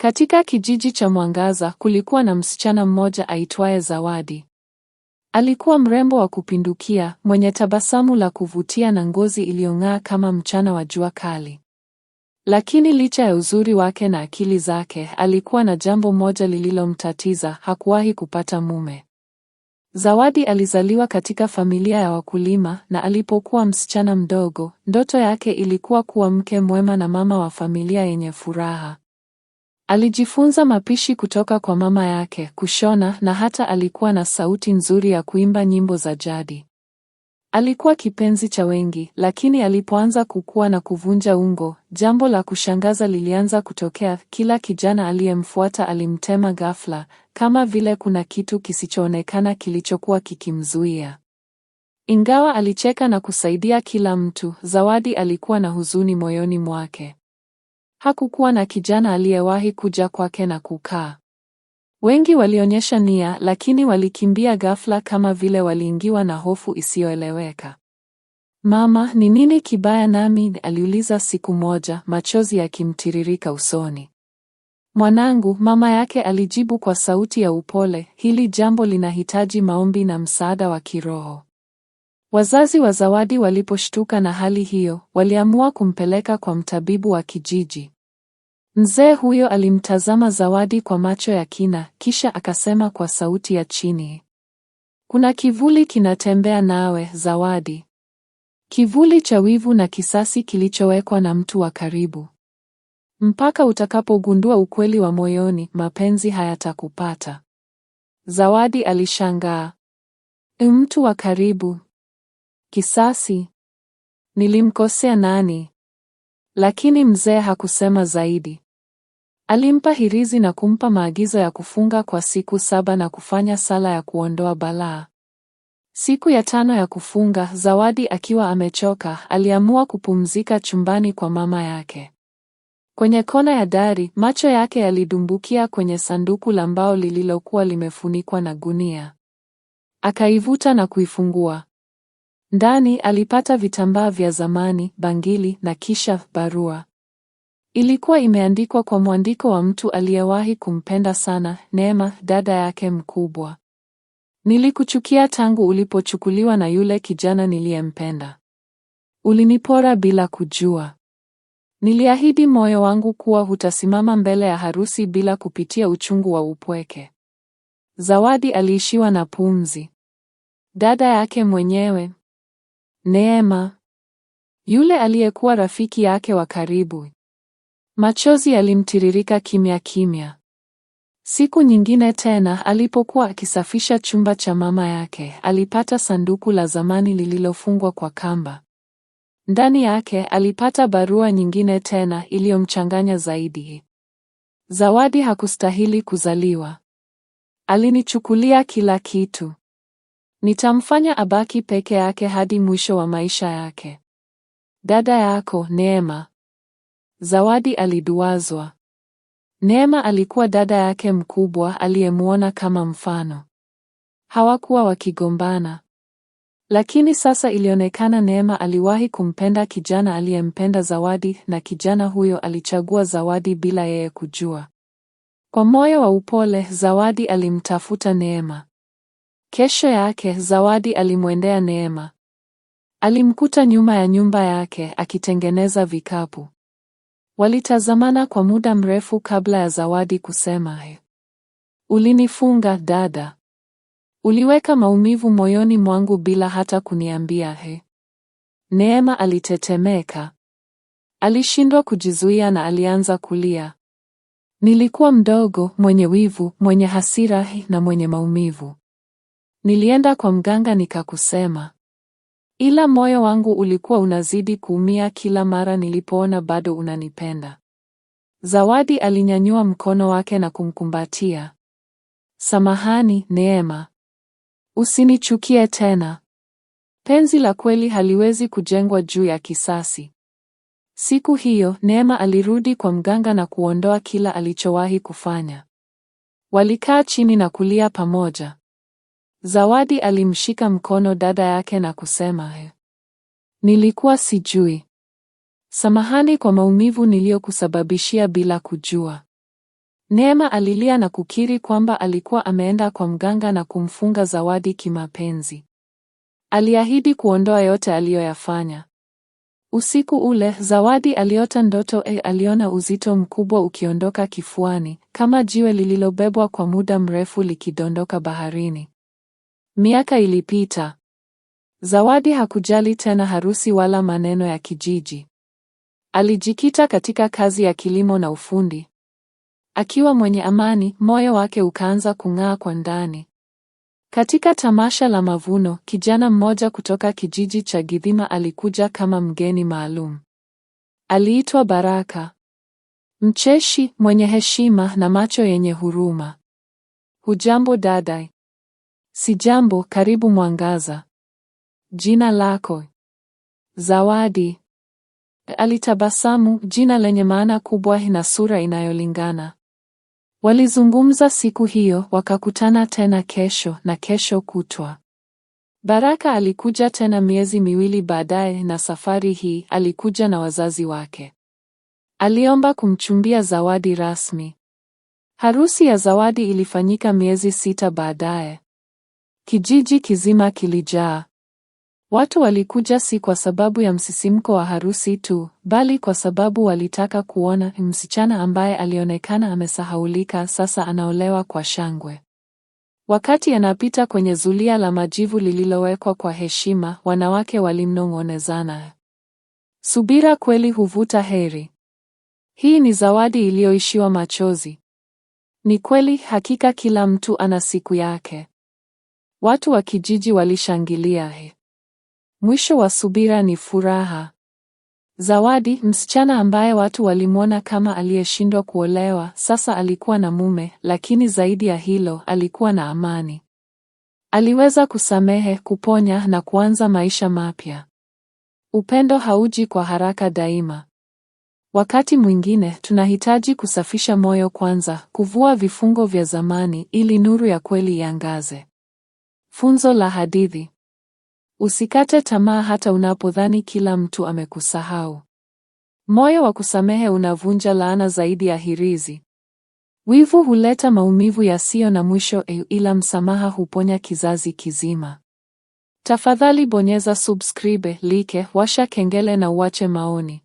Katika kijiji cha Mwangaza kulikuwa na msichana mmoja aitwaye Zawadi. Alikuwa mrembo wa kupindukia, mwenye tabasamu la kuvutia na ngozi iliyong'aa kama mchana wa jua kali. Lakini licha ya uzuri wake na akili zake, alikuwa na jambo moja lililomtatiza, hakuwahi kupata mume. Zawadi alizaliwa katika familia ya wakulima na alipokuwa msichana mdogo, ndoto yake ilikuwa kuwa mke mwema na mama wa familia yenye furaha. Alijifunza mapishi kutoka kwa mama yake, kushona na hata alikuwa na sauti nzuri ya kuimba nyimbo za jadi. Alikuwa kipenzi cha wengi, lakini alipoanza kukua na kuvunja ungo, jambo la kushangaza lilianza kutokea. Kila kijana aliyemfuata alimtema ghafla, kama vile kuna kitu kisichoonekana kilichokuwa kikimzuia. Ingawa alicheka na kusaidia kila mtu, Zawadi alikuwa na huzuni moyoni mwake. Hakukuwa na kijana aliyewahi kuja kwake na kukaa. Wengi walionyesha nia, lakini walikimbia ghafla kama vile waliingiwa na hofu isiyoeleweka. Mama, ni nini kibaya nami? aliuliza siku moja, machozi yakimtiririka usoni. Mwanangu, mama yake alijibu kwa sauti ya upole, hili jambo linahitaji maombi na msaada wa kiroho. Wazazi wa Zawadi waliposhtuka na hali hiyo, waliamua kumpeleka kwa mtabibu wa kijiji. Mzee huyo alimtazama Zawadi kwa macho ya kina, kisha akasema kwa sauti ya chini, kuna kivuli kinatembea nawe, Zawadi, kivuli cha wivu na kisasi kilichowekwa na mtu wa karibu. Mpaka utakapogundua ukweli wa moyoni, mapenzi hayatakupata. Zawadi alishangaa. Mtu wa karibu? Kisasi? Nilimkosea nani? Lakini mzee hakusema zaidi. Alimpa hirizi na kumpa maagizo ya kufunga kwa siku saba na kufanya sala ya kuondoa balaa. Siku ya tano ya kufunga, Zawadi akiwa amechoka, aliamua kupumzika chumbani kwa mama yake. Kwenye kona ya dari, macho yake yalidumbukia kwenye sanduku la mbao lililokuwa limefunikwa na gunia. Akaivuta na kuifungua. Ndani alipata vitambaa vya zamani, bangili na kisha barua. Ilikuwa imeandikwa kwa mwandiko wa mtu aliyewahi kumpenda sana, Neema, dada yake mkubwa. Nilikuchukia tangu ulipochukuliwa na yule kijana niliyempenda. Ulinipora bila kujua. Niliahidi moyo wangu kuwa hutasimama mbele ya harusi bila kupitia uchungu wa upweke. Zawadi aliishiwa na pumzi. Dada yake mwenyewe, Neema, yule aliyekuwa rafiki yake wa karibu. Machozi yalimtiririka kimya kimya. Siku nyingine tena alipokuwa akisafisha chumba cha mama yake, alipata sanduku la zamani lililofungwa kwa kamba. Ndani yake alipata barua nyingine tena iliyomchanganya zaidi. Zawadi hakustahili kuzaliwa. Alinichukulia kila kitu. Nitamfanya abaki peke yake hadi mwisho wa maisha yake. Dada yako Neema. Zawadi aliduazwa. Neema alikuwa dada yake mkubwa aliyemwona kama mfano. Hawakuwa wakigombana. Lakini sasa ilionekana Neema aliwahi kumpenda kijana aliyempenda Zawadi na kijana huyo alichagua Zawadi bila yeye kujua. Kwa moyo wa upole, Zawadi alimtafuta Neema. Kesho yake Zawadi alimwendea Neema. Alimkuta nyuma ya nyumba yake akitengeneza vikapu. Walitazamana kwa muda mrefu kabla ya Zawadi kusema, ulinifunga dada, uliweka maumivu moyoni mwangu bila hata kuniambia. He, Neema alitetemeka, alishindwa kujizuia na alianza kulia. Nilikuwa mdogo, mwenye wivu, mwenye hasira na mwenye maumivu. Nilienda kwa mganga nikakusema ila moyo wangu ulikuwa unazidi kuumia kila mara nilipoona bado unanipenda. Zawadi alinyanyua mkono wake na kumkumbatia. Samahani, Neema. Usinichukie tena. Penzi la kweli haliwezi kujengwa juu ya kisasi. Siku hiyo, Neema alirudi kwa mganga na kuondoa kila alichowahi kufanya. Walikaa chini na kulia pamoja. Zawadi alimshika mkono dada yake na kusema, nilikuwa sijui. Samahani kwa maumivu niliyokusababishia bila kujua. Neema alilia na kukiri kwamba alikuwa ameenda kwa mganga na kumfunga Zawadi kimapenzi. Aliahidi kuondoa yote aliyoyafanya. Usiku ule Zawadi aliota ndoto e, aliona uzito mkubwa ukiondoka kifuani, kama jiwe lililobebwa kwa muda mrefu likidondoka baharini. Miaka ilipita. Zawadi hakujali tena harusi wala maneno ya kijiji. Alijikita katika kazi ya kilimo na ufundi. Akiwa mwenye amani, moyo wake ukaanza kung'aa kwa ndani. Katika tamasha la mavuno, kijana mmoja kutoka kijiji cha gidhima alikuja kama mgeni maalum. Aliitwa Baraka. Mcheshi, mwenye heshima na macho yenye huruma. Hujambo dadai Sijambo, karibu Mwangaza. Jina lako? Zawadi. Alitabasamu, jina lenye maana kubwa na sura inayolingana. Walizungumza siku hiyo, wakakutana tena kesho na kesho kutwa. Baraka alikuja tena miezi miwili baadaye, na safari hii alikuja na wazazi wake. Aliomba kumchumbia Zawadi rasmi. Harusi ya Zawadi ilifanyika miezi sita baadaye. Kijiji kizima kilijaa. Watu walikuja si kwa sababu ya msisimko wa harusi tu, bali kwa sababu walitaka kuona msichana ambaye alionekana amesahaulika sasa anaolewa kwa shangwe. Wakati anapita kwenye zulia la majivu lililowekwa kwa heshima, wanawake walimnong'onezana. Subira kweli huvuta heri. Hii ni zawadi iliyoishiwa machozi. Ni kweli, hakika kila mtu ana siku yake. Watu wa kijiji walishangilia he. Mwisho wa subira ni furaha. Zawadi, msichana ambaye watu walimwona kama aliyeshindwa kuolewa, sasa alikuwa na mume, lakini zaidi ya hilo, alikuwa na amani. Aliweza kusamehe, kuponya na kuanza maisha mapya. Upendo hauji kwa haraka daima. Wakati mwingine tunahitaji kusafisha moyo kwanza, kuvua vifungo vya zamani ili nuru ya kweli iangaze. Funzo la hadithi: usikate tamaa hata unapodhani kila mtu amekusahau. Moyo wa kusamehe unavunja laana zaidi ya hirizi. Wivu huleta maumivu yasiyo na mwisho, e, ila msamaha huponya kizazi kizima. Tafadhali bonyeza subscribe, like, washa kengele na uache maoni.